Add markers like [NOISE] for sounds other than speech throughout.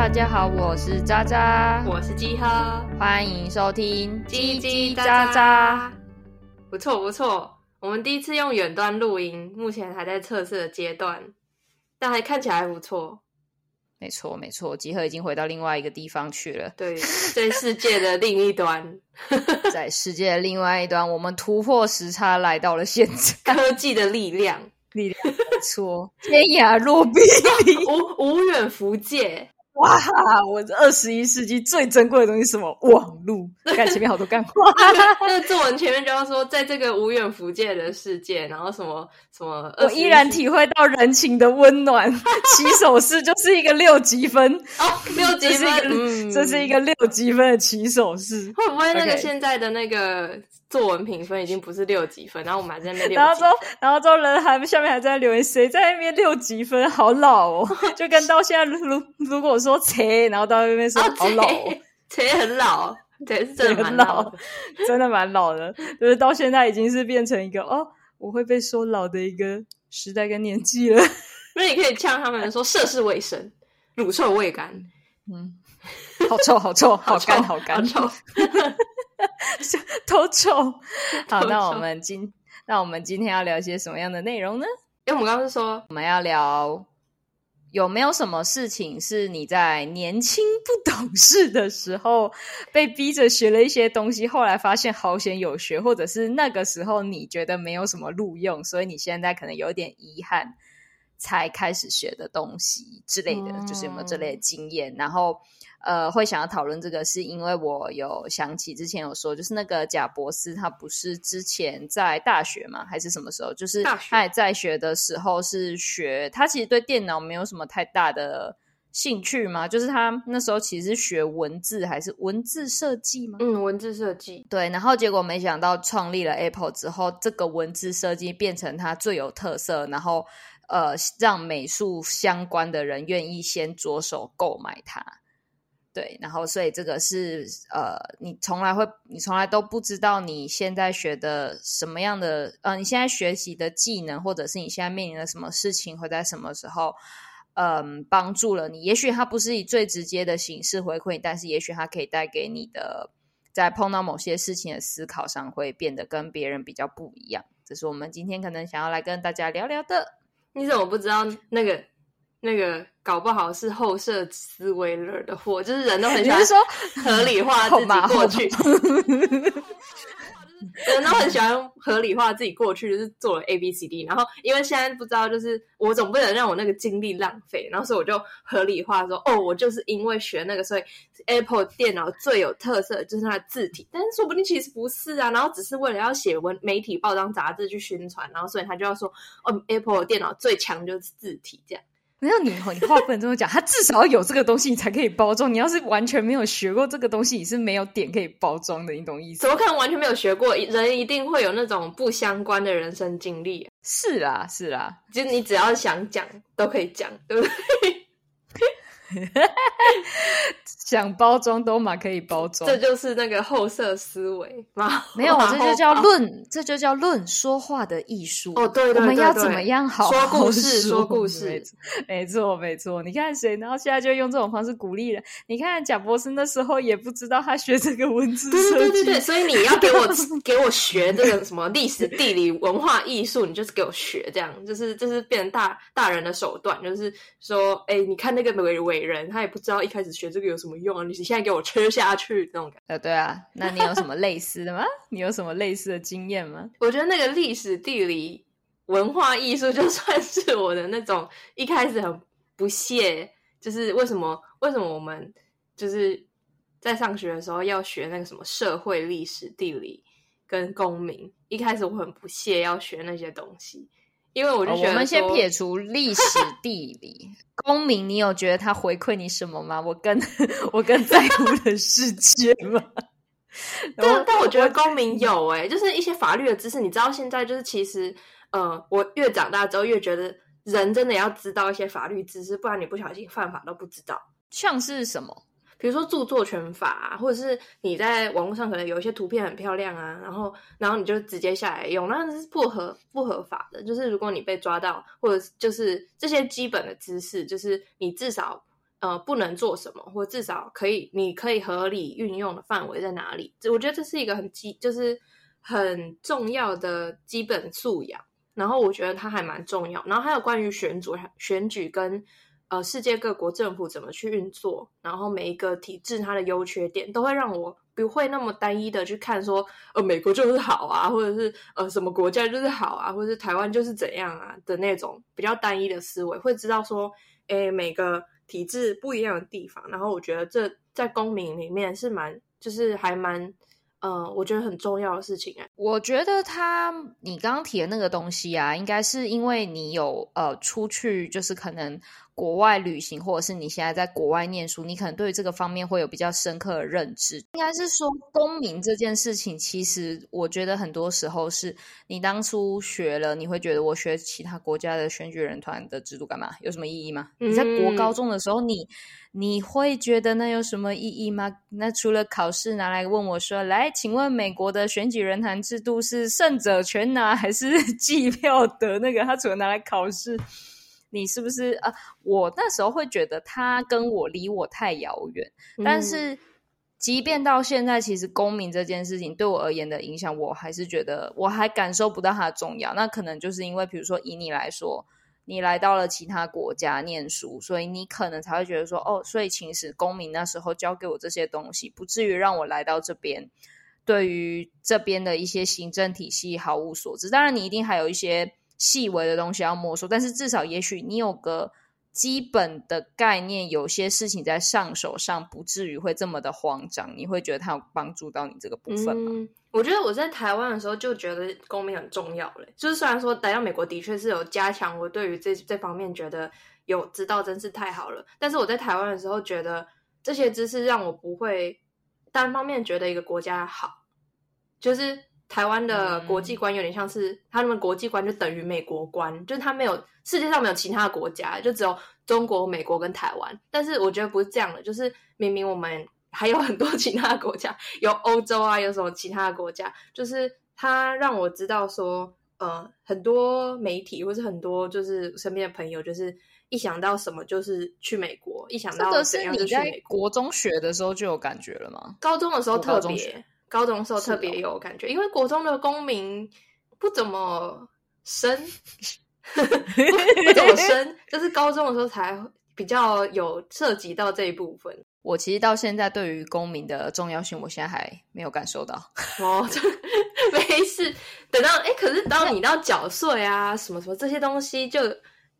大家好，我是渣渣，我是雞喝，歡迎收聽《嘰嘰喳喳》。不錯，不錯，我們第一次用遠端錄音，目前還在測試的階段，但還看起來還不錯。沒錯，沒錯，雞喝已經回到另外一個地方去了。對，在世界的另一端， [LAUGHS] 在世界的另外一端，我們突破時差來到了現場。科技的力量，力量。說，天涯若比鄰，無無遠弗屆。哇哈！我二十一世紀最珍貴的東西是什麼？網路。你看前面好多乾貨。那個作文前面就要說，在這個無遠弗屆的世界，然後什麼什麼，我依然體會到人情的溫暖。起手式就是一個六級分 [LAUGHS] 哦，六級分、嗯，這是一個，這是一個六級分的起手式。會不會那個現在的那個？作文評分已經不是六級分，然後我們還在那裡然後之後，然後之後人還下面還在留言，誰在那邊六級分好老哦？哦就跟到現在如如果說切，然後到那邊說好老、哦，切、哦、很老，切是真的蠻老,老，真的蠻老的。 [LAUGHS] 就是到現在已經是變成一個哦，我會被說老的一個時代跟年紀了。那你可以嗆他們說涉世未深，乳臭未乾，嗯，好臭，好臭，好乾，好乾，好臭。好 [LAUGHS] 都 [LAUGHS] 醜，好，醜那我們今那我們今天要聊些什麼樣的內容呢？因為我們剛剛說我們要聊有沒有什麼事情是你在年輕不懂事的時候，被逼着學了一些東西，後來發現好險有學，或者是那個時候你覺得沒有什麼路用，所以你現在可能有點遺憾。才開始學的東西之類的，嗯、就是有沒有這類的經驗？然後，呃，會想要討論這個，是因為我有想起之前有說，就是那個賈博士，他不是之前在大學嘛，還是什麼時候？就是也在學的時候是學他其實對電腦沒有什麼太大的興趣嘛，就是他那時候其實是學文字還是文字設計嗎？嗯，文字設計。對，然後結果沒想到創立了 Apple 之後，這個文字設計變成他最有特色，然後。呃，讓美術相關的人願意先着手購買它，對。然後，所以這個是呃，你從來會，你從來都不知道你現在學的什麼樣的呃，你現在學習的技能，或者是你現在面臨的什麼事情會在什麼時候，嗯、呃，幫助了你。也許它不是以最直接的形式回饋，但是也許它可以帶給你的，在碰到某些事情的思考上會變得跟別人比較不一樣。這是我們今天可能想要來跟大家聊聊的。你怎麼不知道那個那個？搞不好是後設思維惹的禍，就是人都很想說合理化自己過去。 [LAUGHS] [LAUGHS] [LAUGHS] 對，然後很喜歡合理化自己過去，就是做了 A B C D，然後因為現在不知道，就是我總不能讓我那個精力浪費，然後所以我就合理化說，哦，我就是因為學那個，所以 Apple 電腦最有特色就是它的字體，但是說不定其實不是啊，然後只是為了要寫文媒體報章雜誌去宣傳，然後所以他就要說，哦，Apple 電腦最強就是字體這樣。沒有你，你話不能這麼講。 [LAUGHS] 他至少要有這個東西，你才可以包裝。你要是完全沒有學過這個東西，你是沒有點可以包裝的，你懂意思？怎麼可能完全沒有學過？人一定會有那種不相關的人生經歷。是啦，是啦，就你只要想講，都可以講，對不對？ [LAUGHS] 哈哈，哈， [LAUGHS] 想包裝都嘛可以包裝，這就是那個後設思維。啊、沒有，我、啊、這就叫論，啊、這就叫論說話的藝術。哦，對、對、對、對、對，我們要怎麼樣好、好？說故事，說故事、說故事沒，沒錯，沒錯。你看誰？然後現在就用這種方式鼓勵人。你看賈博士那時候也不知道他學這個文字設計。對對對對，所以你要給我 [LAUGHS] 給我學這個什麼歷史、地理、文化、藝術，你就是給我學這樣，就是就是變成大大人的手段，就是說，哎，你看那個偉偉。人他也不知道一開始學這個有什麼用啊？你現在給我吃下去那種感覺。哦，對啊，那你有什麼類似的嗎？ [LAUGHS] 你有什麼類似的經驗嗎？我覺得那個歷史、地理、文化、藝術，就算是我的那種一開始很不屑，就是為什麼？為什麼我們就是在上學的時候要學那個什麼社會歷史、地理跟公民？一開始我很不屑要學那些東西。因為我就覺得、哦，我們先撇除歷史、地理、 [LAUGHS] 公民，你有覺得他回饋你什麼嗎？我跟我跟在乎的世界嗎？但但我覺得公民有誒、欸，就是一些法律的知識。你知道現在就是其實，呃，我越長大之後越覺得，人真的要知道一些法律知識，不然你不小心犯法都不知道。像是什麼？比如說著作權法啊，或者是你在網絡上可能有一些圖片很漂亮啊，然後然後你就直接下來用，那是不合不合法的。就是如果你被抓到，或者就是這些基本的知識，就是你至少呃不能做什麼，或者至少可以你可以合理運用的範圍在哪裡？我覺得這是一個很基，就是很重要的基本素養。然後我覺得它還蠻重要。然後還有關於選舉選舉跟。呃，世界各國政府怎麼去運作，然後每一個體制它的優缺點，都會讓我不會那麼單一的去看說，呃，美國就是好啊，或者是呃，什麼國家就是好啊，或者是台灣就是怎樣啊的那種比較單一的思維，會知道說，哎，每個體制不一樣的地方。然後我覺得這在公民裡面是蠻，就是還蠻，嗯、呃，我覺得很重要的事情哎、欸。我覺得他你剛剛提的那個東西啊，應該是因為你有呃出去，就是可能。國外旅行，或者是你現在在國外念書，你可能對於這個方面會有比較深刻的認知。應該是說，公民這件事情，其實我覺得很多時候是你當初學了，你會覺得我學其他國家的選舉人團的制度幹嘛？有什麼意義嗎？嗯，你在國高中的時候，你你會覺得那有什麼意義嗎？那除了考試拿來問我說，來，請問美國的選舉人團制度是勝者全拿還是計票得那個？他除了拿來考試。你是不是啊？我那時候會覺得他跟我離我太遙遠，嗯、但是即便到現在，其實公民這件事情對我而言的影響，我還是覺得我還感受不到它的重要。那可能就是因為，比如說以你來說，你來到了其他國家念書，所以你可能才會覺得說，哦，所以其實公民那時候教給我這些東西，不至於讓我來到這邊，對於這邊的一些行政體系毫無所知。當然，你一定還有一些。細微的東西要摸索，但是至少也許你有個基本的概念，有些事情在上手上不至於會這麼的慌張。你會覺得它有幫助到你這個部分嗎？嗯，我覺得我在台灣的時候就覺得公民很重要嘞，就是雖然說來到美國的確是有加強我對於這這方面覺得有知道真是太好了，但是我在台灣的時候覺得這些知識讓我不會單方面覺得一個國家好，就是。台灣的國際觀有點像是他們國際觀就等於美國觀，嗯，就是他沒有世界上沒有其他的國家，就只有中國、美國跟台灣。但是我覺得不是這樣的，就是明明我們還有很多其他的國家，有歐洲啊，有什麼其他的國家。就是他讓我知道說，呃，很多媒體或是很多就是身邊的朋友，就是一想到什麼就是去美國，是一想到怎樣就是去美國。國中學的時候就有感覺了嗎？高中的時候特別。高中的時候特別有感覺，哦、因為國中的公民不怎麼深， [LAUGHS] [LAUGHS] 不，不怎麼深， [LAUGHS] 就是高中的時候才比較有涉及到這一部分。我其實到現在對於公民的重要性，我現在還沒有感受到。哦就，沒事，等到哎、欸，可是當你到繳稅啊、什麼什麼這些東西，就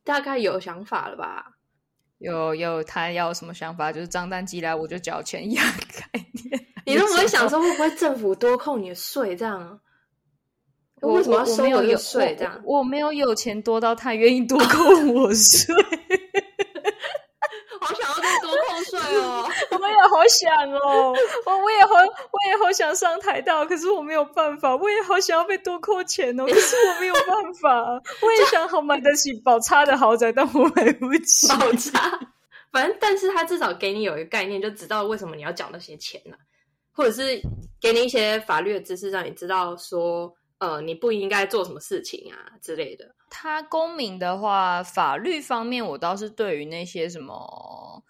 大概有想法了吧？有有，有他要什麼想法？就是賬單寄來我就繳錢一樣概念。你怎麼會想說會不會政府多扣你的稅這樣？為什麼要收我的稅這樣？我沒有有錢多到他願意多扣我稅。 [LAUGHS] [LAUGHS] 好想要多扣稅哦！我也好想哦！我我也好，我也好想上臺到，可是我沒有辦法。我也好想要被多扣錢哦，可是我沒有辦法。我也想好買得起寶釵的豪宅，但我買不起寶釵。反正，但是他至少給你有一個概念，就知道為什麼你要繳那些錢呢、啊？或者是給你一些法律的知識，讓你知道說，呃，你不應該做什麼事情啊之類的。他公民的話，法律方面我倒是對於那些什麼，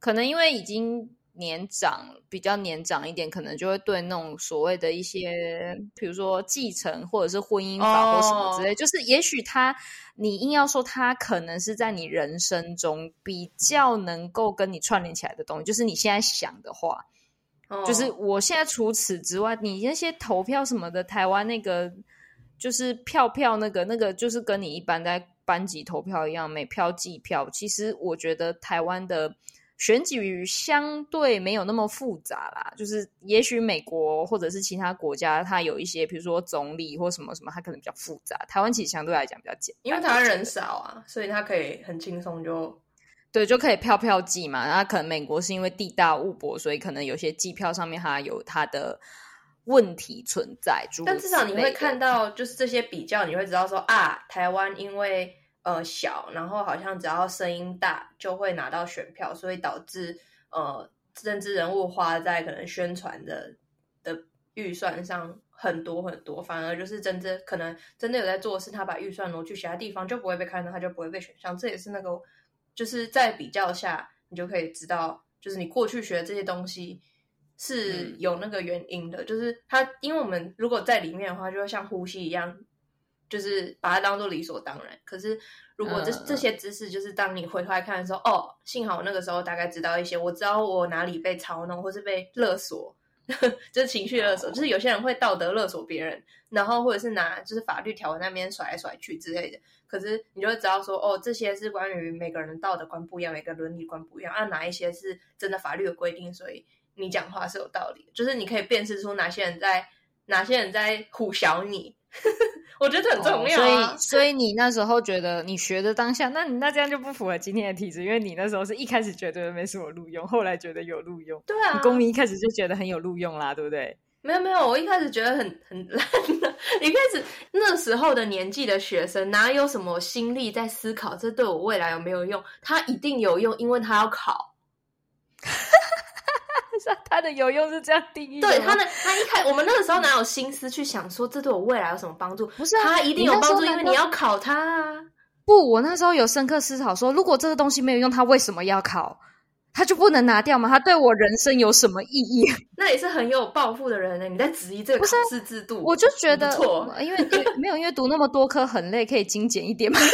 可能因為已經年長，比較年長一點，可能就會對那種所謂的一些，比如說繼承或者是婚姻法或什麼之類，哦、就是也許他，你硬要說他可能是在你人生中比較能夠跟你串聯起來的東西，就是你現在想的話。就是我現在除此之外，你那些投票什麼的，台灣那個就是票票那個那個，就是跟你一般在班級投票一樣，每票計票。其實我覺得台灣的選舉相對沒有那麼複雜啦。就是也許美國或者是其他國家，它有一些比如說總理或什麼什麼，它可能比較複雜。台灣其實相對來講比較簡單，因為台灣人少啊，所以他可以很輕鬆就。對，就可以票票計嘛，然後可能美國是因為地大物博，所以可能有些計票上面它有它的問題存在。但至少你會看到，就是這些比較，你會知道說啊，台灣因為呃小，然後好像只要聲音大就會拿到選票，所以導致呃政治人物花在可能宣傳的的預算上很多很多，反而就是真正可能真的有在做，是他把預算挪去其他地方，就不會被看到，他就不會被選上。這也是那個。就是在比較下，你就可以知道，就是你過去學的這些東西是有那個原因的。嗯、就是它，因為我們如果在裡面的話，就會像呼吸一樣，就是把它當做理所當然。可是如果這、嗯、這些知識，就是當你回頭來看的時候，哦，幸好我那個時候大概知道一些，我知道我哪裡被嘲弄或是被勒索。 [LAUGHS] 就是情緒勒索，就是有些人會道德勒索別人，然後或者是拿就是法律條文那邊甩來甩去之類的。可是你就會知道說，哦，這些是關於每個人的道德觀不一樣，每個倫理觀不一樣啊，哪一些是真的法律的規定，所以你講話是有道理。就是你可以辨識出哪些人在。哪些人在唬小你？ [LAUGHS] 我覺得很重要。哦，所以，所以你那時候覺得你學的當下，那你那這樣就不符合今天的體制，因為你那時候是一開始覺得沒什麼路用，後來覺得有路用。對啊，你公民一開始就覺得很有路用啦，對不對？沒有沒有，我一開始覺得很很爛的。一開始那時候的年紀的學生，哪有什麼心力在思考這對我未來有沒有用？他一定有用，因為他要考。 [LAUGHS] 他的有用是這樣定義的，對他的他一開，我們那個時候哪有心思去想說這對我未來有什麼幫助？ [LAUGHS] 不是、啊，他一定有幫助，因為你要考他、啊。不，我那時候有深刻思考說，說如果這個東西沒有用，他為什麼要考？他就不能拿掉嗎？他對我人生有什麼意義？ [LAUGHS] 那也是很有抱負的人呢、欸。你在質疑這個考試制度不、啊？我就覺得不錯， [LAUGHS] 因為，因為沒有因為讀那麼多科很累，可以精簡一點嗎？ [LAUGHS]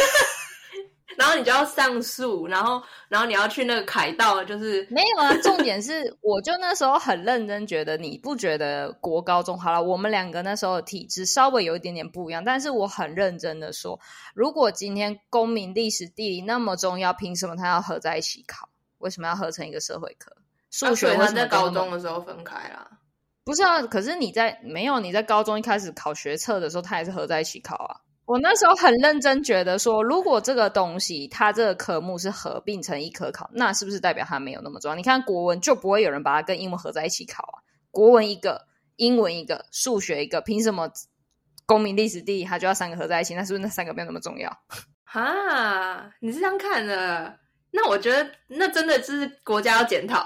然後你就要上訴，然後，然後你要去那個凱道，就是沒有啊。重點是， [LAUGHS] 我就那時候很認真，覺得你不覺得國高中好了。我們兩個那時候的體質稍微有一點點不一樣，但是我很認真的說，如果今天公民、歷史、地理那麼重要，憑什麼它要合在一起考？為什麼要合成一個社會科？數學他在高中的時候分開啦，不是啊？可是你在沒有你在高中一開始考學測的時候，他也是合在一起考啊。我那時候很認真覺得說，如果這個東西它這個科目是合併成一科考，那是不是代表它沒有那麼重要？你看國文就不會有人把它跟英文合在一起考啊，國文一個，英文一個，數學一個，憑什麼公民、歷史、地理它就要三個合在一起？那是不是那三個沒有那麼重要哈、啊，你這樣看了，那我覺得那真的是國家要檢討。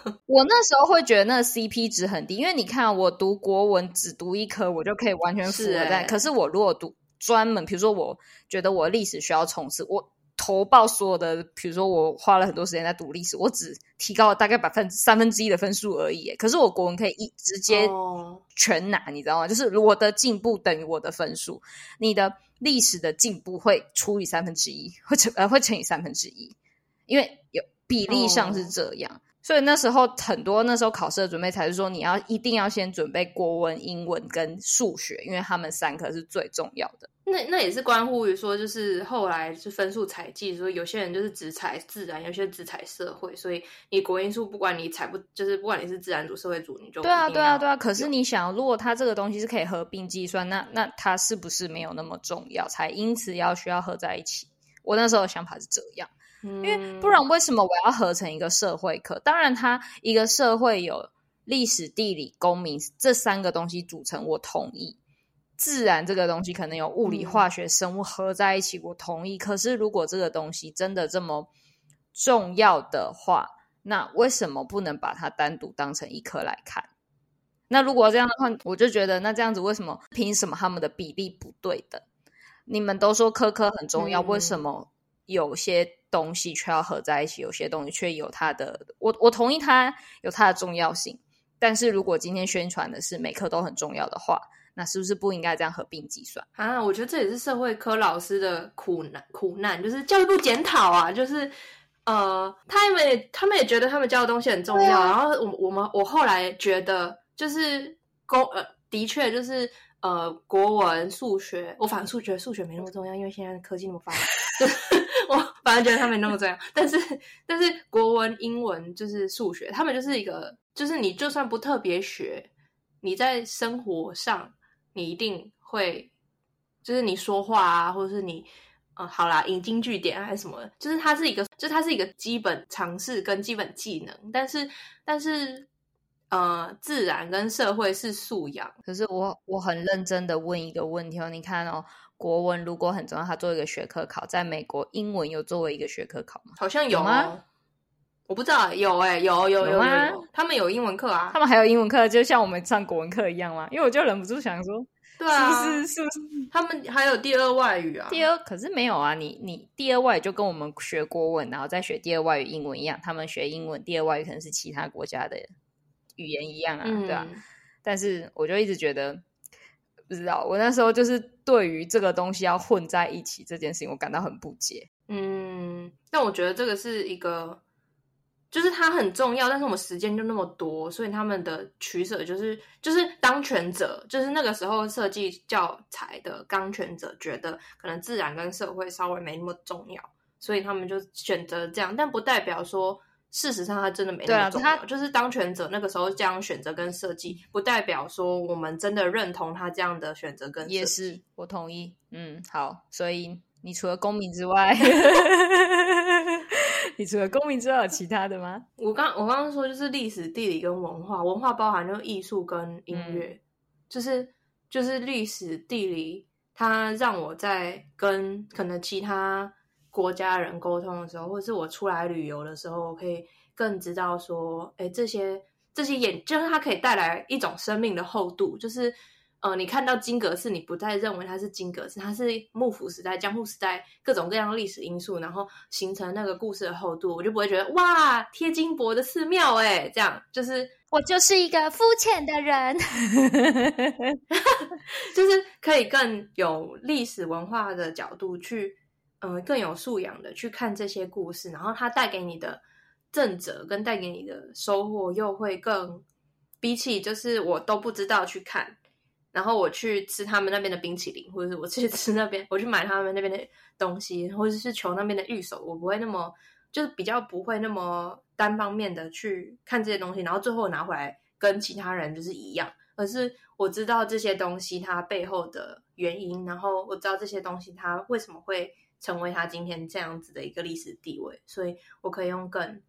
[LAUGHS] 我那時候會覺得那個 CP 值很低，因為你看我讀國文只讀一科，我就可以完全複合在，是欸、可是我如果讀。專門，比如說，我覺得我歷史需要衝刺，我投報所有的，比如說，我花了很多時間在讀歷史，我只提高了大概百分之三分之一的分數而已。可是，我國文可以直接全拿，哦、你知道嗎？就是我的進步等於我的分數，你的歷史的進步會除以三分之一，呃，會乘以三分之一，3，因為有比例上是這樣。哦所以那時候很多那時候考試的準備才是說，你要一定要先準備國文、英文跟數學，因為他們三科是最重要的。那那也是關乎於說，就是後來是分數採計，所以有些人就是只採自然，有些只採社會，所以你國英數不管你採不，就是不管你是自然組、社會組，你就對啊，對啊，對啊。可是你想，如果他這個東西是可以合併計算，那那他是不是沒有那麼重要？才因此要需要合在一起？我那時候的想法是這樣。因為不然，為什麼我要合成一個社會科？當然，它一個社會有歷史、地理、公民這三個東西組成，我同意。自然這個東西可能有物理、化學、生物合在一起，我同意。可是，如果這個東西真的這麼重要的話，那為什麼不能把它單獨當成一科來看？那如果這樣的話，我就覺得，那這樣子為什麼？憑什麼他們的比例不對等？你們都說科科很重要，為什麼、嗯？有些東西卻要合在一起，有些東西卻有它的，我我同意它有它的重要性。但是如果今天宣傳的是每科都很重要的話，那是不是不應該這樣合併計算啊？我覺得這也是社會科老師的苦難，苦難就是教育部檢討啊，就是呃，他們也他們也覺得他們教的東西很重要。啊、然後我我們我後來覺得就是公、呃，的確就是呃，國文、數學，我反正數學數學沒那麼重要，因為現在科技那麼發達。 [LAUGHS] 我反正覺得他沒那麼重要，但是但是國文、英文就是數學，他們就是一個，就是你就算不特別學，你在生活上你一定會，就是你說話啊，或者是你，呃、好啦，引經據典、啊、還是什麼，就是它是一個，就它是一個基本常識跟基本技能。但是但是，呃，自然跟社會是素養。可是我我很認真的問一個問題哦，你看哦。國文如果很重要，它做一個學科考，在美國英文有作為一個學科考嗎？好像有啊，有嗎？我不知道，有欸，有有有啊，他們有英文課啊，他們還有英文課，就像我們上國文課一樣嘛。因為我就忍不住想說，對啊，是是，是他們還有第二外語啊，第二可是沒有啊，你你第二外語就跟我們學國文，然後再學第二外語英文一樣，他們學英文第二外語可能是其他國家的語言一樣啊，嗯，對啊，但是我就一直覺得。不知道，我那時候就是對於這個東西要混在一起這件事情，我感到很不解。嗯，但我覺得這個是一個，就是它很重要，但是我們時間就那麼多，所以他們的取捨就是，就是當權者，就是那個時候設計教材的當權者，覺得可能自然跟社會稍微沒那麼重要，所以他們就選擇這樣，但不代表說。事實上，他真的沒那麼重要。對啊，他就是當權者那個時候這樣選擇跟設計，不代表說我們真的認同他這樣的選擇跟設計。也是，我同意。嗯，好，所以你除了公民之外， [LAUGHS] [LAUGHS] 你除了公民之外，有其他的嗎？我剛我剛剛說就是歷史、地理跟文化，文化包含就藝術跟音樂，嗯、就是就是歷史、地理，它讓我在跟可能其他。國家人溝通的時候，或者是我出來旅遊的時候，我可以更知道說，誒這些這些眼就是它可以帶來一種生命的厚度，就是，呃，你看到金閣寺，你不再認為它是金閣寺，它是幕府時代、江戶時代各種各樣的歷史因素，然後形成那個故事的厚度，我就不會覺得哇，貼金箔的寺廟，誒，這樣就是我就是一個膚淺的人， [LAUGHS] [LAUGHS] 就是可以更有歷史文化的角度去。嗯，更有素養的去看這些故事，然後它帶給你的正則跟帶給你的收穫又會更比起就是我都不知道去看，然後我去吃他們那邊的冰淇淋，或者是我去吃那邊，我去買他們那邊的東西，或者是求那邊的御守，我不會那麼就是比較不會那麼單方面的去看這些東西，然後最後拿回來跟其他人就是一樣，而是我知道這些東西它背後的原因，然後我知道這些東西它為什麼會。成為他今天這樣子的一個歷史地位，所以我可以用更，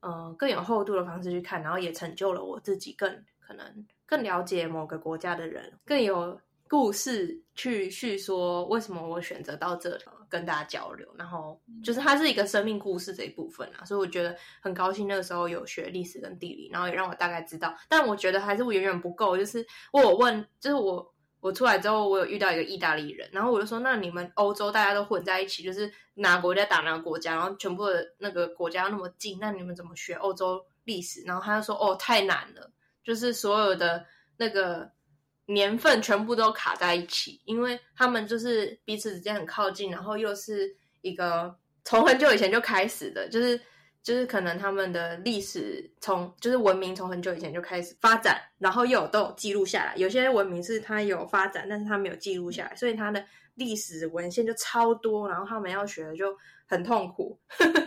呃，更有厚度的方式去看，然後也成就了我自己更，更可能更了解某個國家的人，更有故事去敘說為什麼我選擇到這跟大家交流，然後就是它是一個生命故事這一部分啊，所以我覺得很高興那個時候有學歷史跟地理，然後也讓我大概知道，但我覺得還是我遠遠不夠，就是我有問，就是我。我出來之後，我有遇到一個意大利人，然後我就說：“那你們歐洲大家都混在一起，就是哪個國家打哪個國家，然後全部的那個國家要那麼近，那你們怎麼學歐洲歷史？”然後他就說：“哦，太難了，就是所有的那個年份全部都卡在一起，因為他們就是彼此之間很靠近，然後又是一個從很久以前就開始的，就是。”就是可能他們的歷史從就是文明從很久以前就開始發展，然後又都有記錄下來。有些文明是他有發展，但是他沒有記錄下來，所以他的歷史文獻就超多。然後他們要學的就很痛苦，呵呵，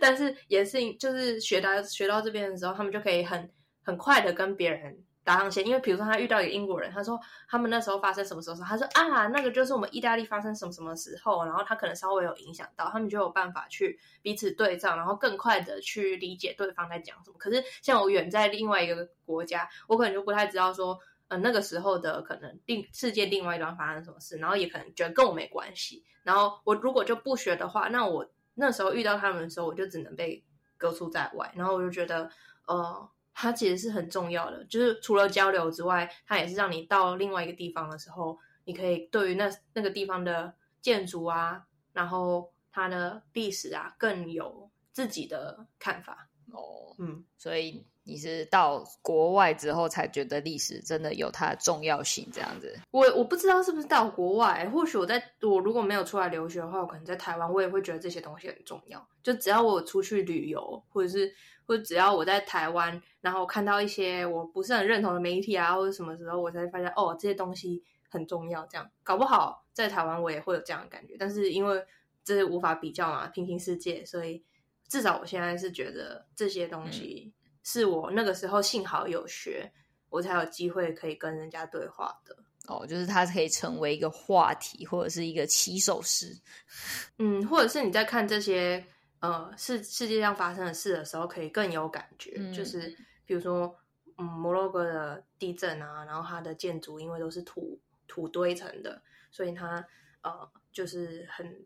但是也是就是學到學到這邊的時候，他們就可以很很快的跟別人。搭上線，因為比如說他遇到一個英國人，他說他們那時候發生什麼時候？他說啊，那個就是我們意大利發生什麼什麼時候？然後他可能稍微有影響到，他們就有辦法去彼此對照，然後更快的去理解對方在講什麼。可是像我遠在另外一個國家，我可能就不太知道說，嗯、呃，那個時候的可能另世界另外一端發生什麼事，然後也可能覺得跟我沒關係。然後我如果就不學的話，那我那時候遇到他們的時候，我就只能被隔出在外，然後我就覺得，呃。它其實是很重要的，就是除了交流之外，它也是讓你到另外一個地方的時候，你可以對於那那個地方的建築啊，然後它的歷史啊，更有自己的看法。哦，嗯，所以你是到國外之後才覺得歷史真的有它的重要性這樣子？我我不知道是不是到國外，或許我在我如果沒有出來留學的話，我可能在台灣我也會覺得這些東西很重要。就只要我出去旅遊，或者是。或者只要我在台灣，然後看到一些我不是很認同的媒體啊，或者什麼時候我才發現哦，這些東西很重要。這樣搞不好在台灣我也會有這樣的感覺，但是因為這是無法比較嘛，平行世界，所以至少我現在是覺得這些東西是我那個時候幸好有學，我才有機會可以跟人家對話的。哦，就是它可以成為一個話題，或者是一個起手式。嗯，或者是你在看這些。呃，世世界上發生的事的時候，可以更有感覺。嗯、就是比如說，嗯，摩洛哥的地震啊，然後它的建築因為都是土土堆成的，所以它呃就是很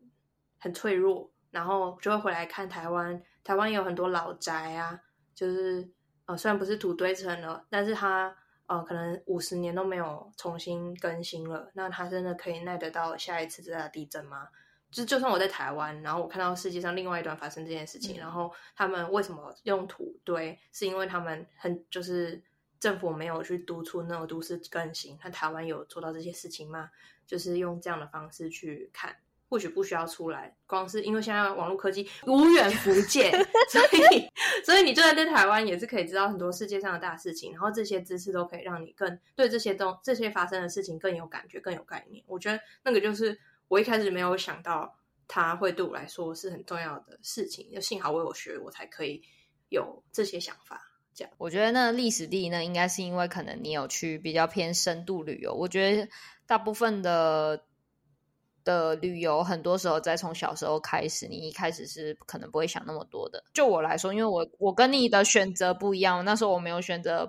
很脆弱。然後就會回來看台灣，台灣也有很多老宅啊，就是呃雖然不是土堆成的，但是它呃可能五十年都沒有重新更新了，那它真的可以耐得到下一次這大地震嗎？就就算我在台灣，然後我看到世界上另外一端發生這件事情，嗯、然後他們為什麼用土堆，是因為他們很就是政府沒有去督促那種都市更新。那台灣有做到這些事情嗎？就是用這樣的方式去看，或許不需要出來，光是因為現在網絡科技無遠弗屆， [LAUGHS] 所以所以你就算在台灣也是可以知道很多世界上的大事情，然後這些知識都可以讓你更對這些東這，這些發生的事情更有感覺、更有概念。我覺得那個就是。我一開始沒有想到它會對我來說是很重要的事情，就幸好我有學，我才可以有這些想法。這樣，我覺得那歷史地呢，應該是因為可能你有去比較偏深度旅遊。我覺得大部分的的旅遊，很多時候在從小時候開始，你一開始是可能不會想那麼多的。就我來說，因為我我跟你的選擇不一樣，那時候我沒有選擇。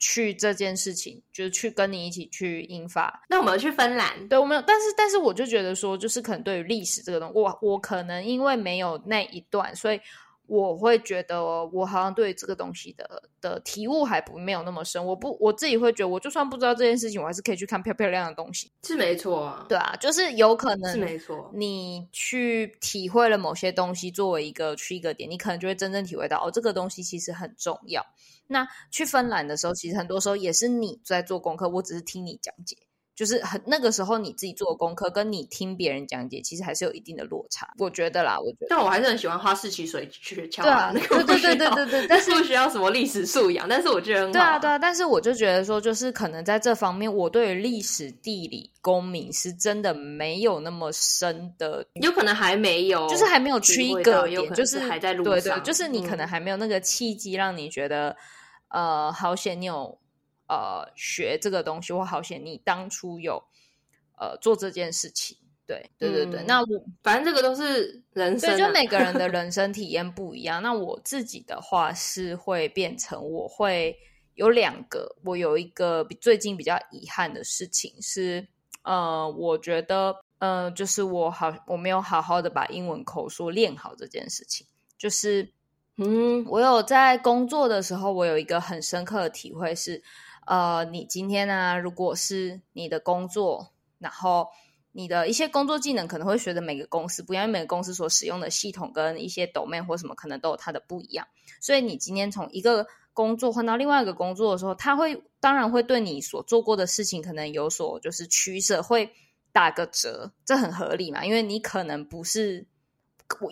去這件事情，就是去跟你一起去英法。那我們去芬蘭，對，我們有，但是但是我就覺得說，就是可能對於歷史這個東西，我我可能因為沒有那一段，所以。我會覺得，我好像對這個東西的的體悟還不沒有那麼深。我不，我自己會覺得，我就算不知道這件事情，我還是可以去看漂漂亮亮的東西，是沒錯啊。對啊，就是有可能是沒錯，你去體會了某些東西作為一個區一個點，你可能就會真正體會到哦，這個東西其實很重要。那去芬蘭的時候，其實很多時候也是你在做功課，我只是聽你講解。就是很那個時候，你自己做功課，跟你聽別人講解，其實還是有一定的落差。我覺得啦，我覺得。但我還是很喜歡花式騎水車橋。對啊，那個不需要什麼歷史素養，但是我覺得很好。對啊，對啊，但是我就覺得說，就是可能在這方面，我對於歷史地理公民是真的沒有那麼深的，有可能還沒有，就是還沒有去一個點，就是還在路上。就對，對就是你可能還沒有那個契機，讓你覺得、嗯、呃，好險有。呃，學這個東西，或好像，你當初有呃做這件事情，對，對,對，對，對、嗯。那我反正這個都是人生、啊，所以就每個人的人生體驗不一樣。 [LAUGHS] 那我自己的話是會變成，我會有兩個。我有一個最近比較遺憾的事情是，呃，我覺得，呃，就是我好，我沒有好好的把英文口說練好這件事情。就是，嗯，我有在工作的時候，我有一個很深刻的體會是。呃，你今天呢，啊？如果是你的工作，然後你的一些工作技能，可能會學的每個公司不一樣，因為每個公司所使用的系統跟一些 domain 或什麼，可能都有它的不一樣。所以你今天從一個工作換到另外一個工作的時候，他會當然會對你所做過的事情可能有所就是取捨，會打個折，這很合理嘛？因為你可能不是。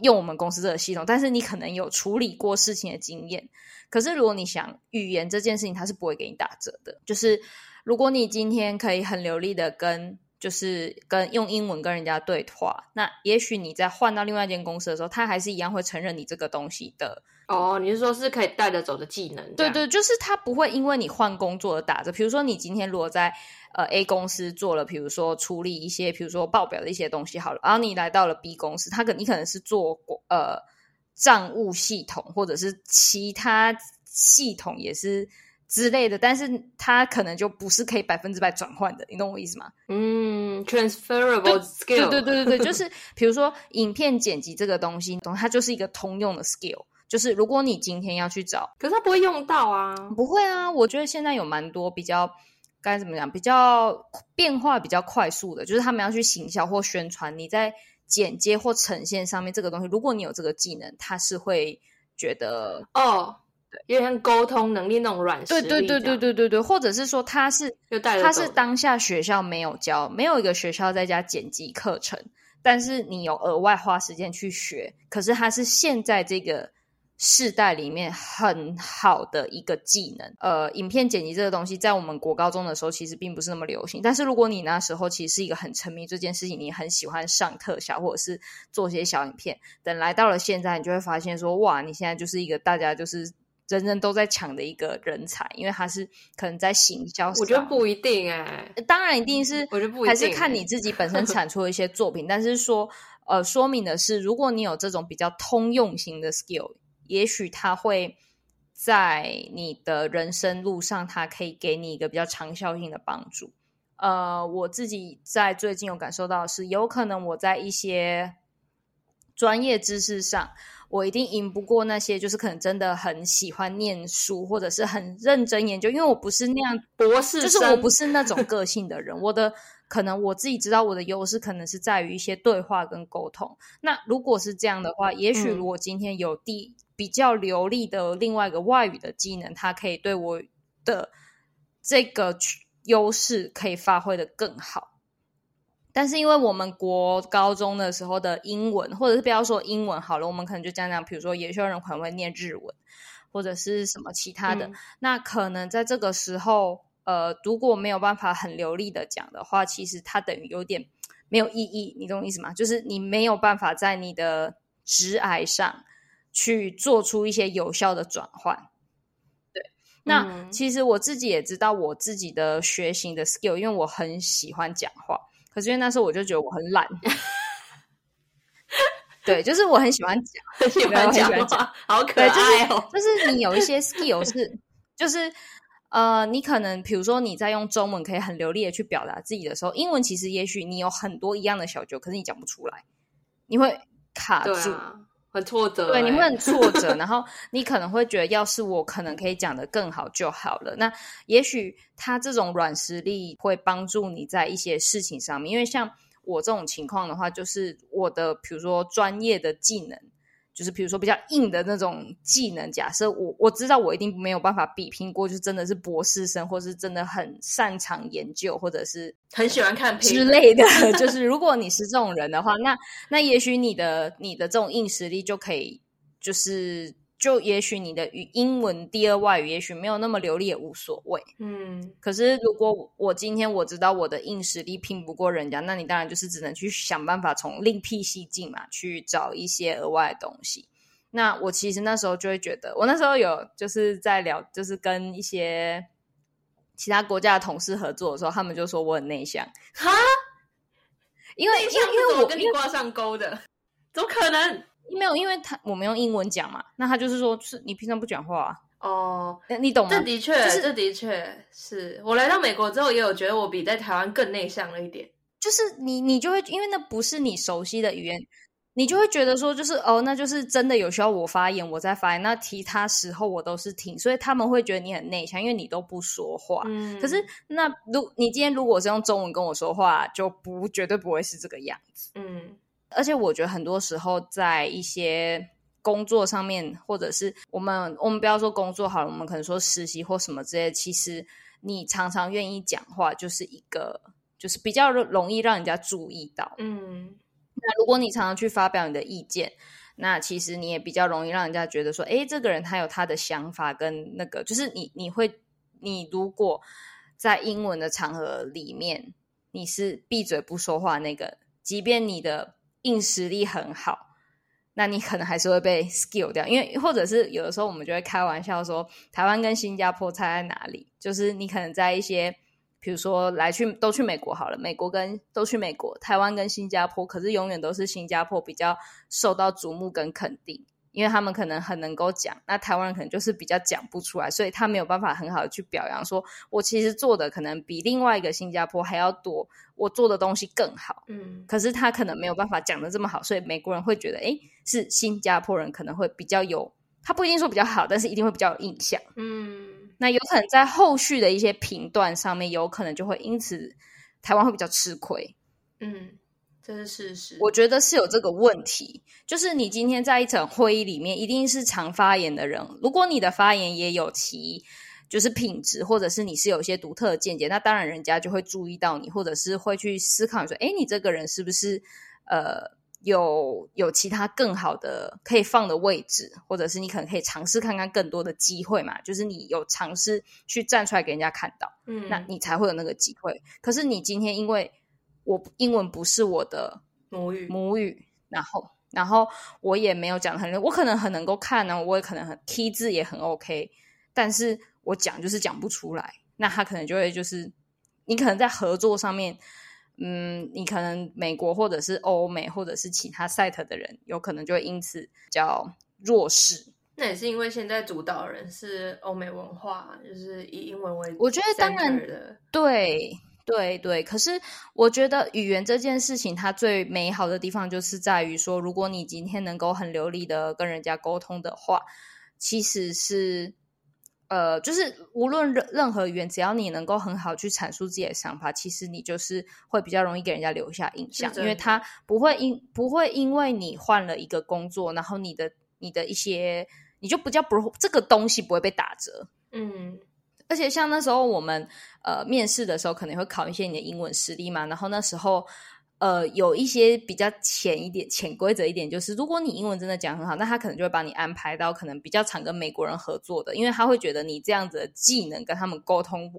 用我們公司這個系統，但是你可能有處理過事情的經驗。可是，如果你想語言這件事情，它是不會給你打折的。就是，如果你今天可以很流利的跟，就是跟用英文跟人家對話，那也許你在換到另外一間公司的時候，它還是一樣會承認你這個東西的。哦，oh, 你是說是可以帶得走的技能？對對，就是它不會因為你換工作而打折。比如說，你今天如果在呃 A 公司做了，比如說處理一些，比如說報表的一些東西好了，然後你來到了 B 公司，它可能你可能是做呃賬務系統或者是其他系統也是之類的，但是它可能就不是可以百分之百轉換的，你懂我意思嗎？嗯，transferable skill，對，對對對對就是比 [LAUGHS] 如說影片剪輯這個東西，懂，它就是一個通用的 skill。就是如果你今天要去找，可是他不會用到啊，不會啊。我覺得現在有蠻多比較，該怎麼講，比較變化比較快速的，就是他們要去行銷或宣傳，你在剪接或呈現上面這個東西，如果你有這個技能，他是會覺得哦，對有點像溝通能力那種軟實力。對對對對對對對，或者是說他是他是當下學校沒有教，沒有一個學校在家剪輯課程，但是你有額外花時間去學，可是他是現在這個。世代裡面很好的一個技能，呃，影片剪輯這個東西在我們國高中的時候其實並不是那麼流行。但是如果你那時候其實是一個很沉迷這件事情，你很喜歡上特效或者是做些小影片，等來到了現在，你就會發現說，哇，你現在就是一個大家就是人人都在搶的一個人才，因為他是可能在行銷。我覺得不一定哎、欸，當然一定是，我覺得不一定、欸，還是看你自己本身產出的一些作品。 [LAUGHS] 但是說，呃，說明的是，如果你有這種比較通用型的 skill。也許他會在你的人生路上，他可以給你一個比較長效性的幫助。呃，我自己在最近有感受到是，有可能我在一些專業知識上，我一定贏不過那些就是可能真的很喜歡念書或者是很認真研究，因為我不是那樣博士生，就是我不是那種個性的人。 [LAUGHS] 我的可能我自己知道我的優勢可能是在於一些對話跟溝通。那如果是這樣的話，也許如果今天有第，嗯比較流利的另外一個外語的技能，它可以對我的這個優勢可以發揮的更好。但是，因為我們國高中的時候的英文，或者是不要說英文好了，我們可能就講講，比如說有些人可能會念日文或者是什麼其他的，嗯、那可能在這個時候，呃，如果沒有辦法很流利的講的話，其實它等於有點沒有意義。你懂我意思嗎？就是你沒有辦法在你的職涯上。去做出一些有效的轉換，對。那嗯嗯，其實我自己也知道我自己的學習的 skill，因為我很喜歡講話，可是因為那時候我就覺得我很懶。 [LAUGHS] 對，就是我很喜歡講，有沒有講話，好可愛哦、喔就是。就是你有一些 skill 是， [LAUGHS] 就是呃，你可能比如說你在用中文可以很流利的去表達自己的時候，英文其實也許你有很多一樣的小訣，可是你講不出來，你會卡住。欸、對，你會很挫折， [LAUGHS] 然後你可能會覺得，要是我可能可以講得更好就好了。那也許他這種軟實力會幫助你在一些事情上面，因為像我這種情況的話，就是我的，比如說專業的技能。就是比如說比較硬的那種技能假設，假設我我知道我一定沒有辦法比拼過，就真的是博士生，或者是真的很擅長研究，或者是很喜歡看之類的。就是如果你是這種人的話， [LAUGHS] 那那也許你的你的這種硬實力就可以，就是。就也許你的語英文第二外語，也許沒有那麼流利也無所謂。嗯，可是如果我今天我知道我的硬實力拼不過人家，那你當然就是只能去想辦法從另闢蹊徑嘛，去找一些額外的東西。那我其實那時候就會覺得，我那時候有就是在聊，就是跟一些其他國家的同事合作的時候，他們就說我很內向。哈，因為因為因為我跟你掛上鈎的，怎麼可能？沒有，因為他我們用英文講嘛，那他就是說，是你平常不講話、啊、哦，你懂嗎？這的確，就是、這的確是我來到美國之後，也有覺得我比在台灣更內向了一點。就是你，你就會因為那不是你熟悉的語言，你就會覺得說，就是哦，那就是真的有需要我發言，我在發言，那其他時候我都是聽，所以他們會覺得你很內向，因為你都不說話。嗯、可是那如你今天如果是用中文跟我說話，就不絕對不會是這個樣子。嗯。而且我覺得很多時候，在一些工作上面，或者是我們我們不要說工作好了，我們可能說實習或什麼之類，其實你常常願意講話，就是一個就是比較容易讓人家注意到。嗯，那如果你常常去發表你的意見，那其實你也比較容易讓人家覺得說，誒，這個人他有他的想法跟那個，就是你你會你如果在英文的場合裡面你是閉嘴不說話那個，即便你的。硬實力很好，那你可能還是會被 skill 掉，因為或者是有的時候我們就會開玩笑說，台灣跟新加坡差在哪裡？就是你可能在一些，譬如說來去都去美國好了，美國跟都去美國，台灣跟新加坡，可是永遠都是新加坡比較受到矚目跟肯定。因為他們可能很能夠講，那台灣人可能就是比較講不出來，所以他沒有辦法很好的去表揚說，說我其實做的可能比另外一個新加坡還要多，我做的東西更好。嗯，可是他可能沒有辦法講得這麼好，所以美國人會覺得，誒，是新加坡人可能會比較有，他不一定說比較好，但是一定會比較有印象。嗯，那有可能在後續的一些評斷上面，有可能就會因此台灣會比較吃虧。嗯。真是是。我覺得是有這個問題。就是你今天在一場會議裡面，一定是常發言的人。如果你的發言也有其就是品質，或者是你是有一些獨特的見解，那當然人家就會注意到你，或者是會去思考你說，哎，你這個人是不是呃有有其他更好的可以放的位置，或者是你可能可以嘗試看看更多的機會嘛？就是你有嘗試去站出來給人家看到，嗯，那你才會有那個機會。嗯，可是你今天因為。我英文不是我的母語，母語，母語，然後，然後我也沒有講很，我可能很能夠看呢、啊，我也可能很聽字也很 OK，但是我講就是講不出來，那他可能就會就是，你可能在合作上面，嗯，你可能美國或者是歐美或者是其他 s 特 t 的人，有可能就會因此較弱勢。那也是因為現在主導人是歐美文化，就是以英文為，我覺得當然對。對對，可是我覺得語言這件事情，它最美好的地方就是在於說，如果你今天能夠很流利的跟人家溝通的話，其實是，呃，就是無論任何語言，只要你能夠很好去闡述自己的想法，其實你就是會比較容易給人家留下印象，是對 因為它不會因不會因為你換了一個工作，然後你的你的一些，你就比較不會這個東西不會被打折，嗯。而且像那時候我們呃面試的時候，可能會考一些你的英文實力嘛。然後那時候，呃，有一些比較淺一點、潛規則一點，就是如果你英文真的講很好，那他可能就會把你安排到可能比較常跟美國人合作的，因為他會覺得你這樣子的技能跟他們溝通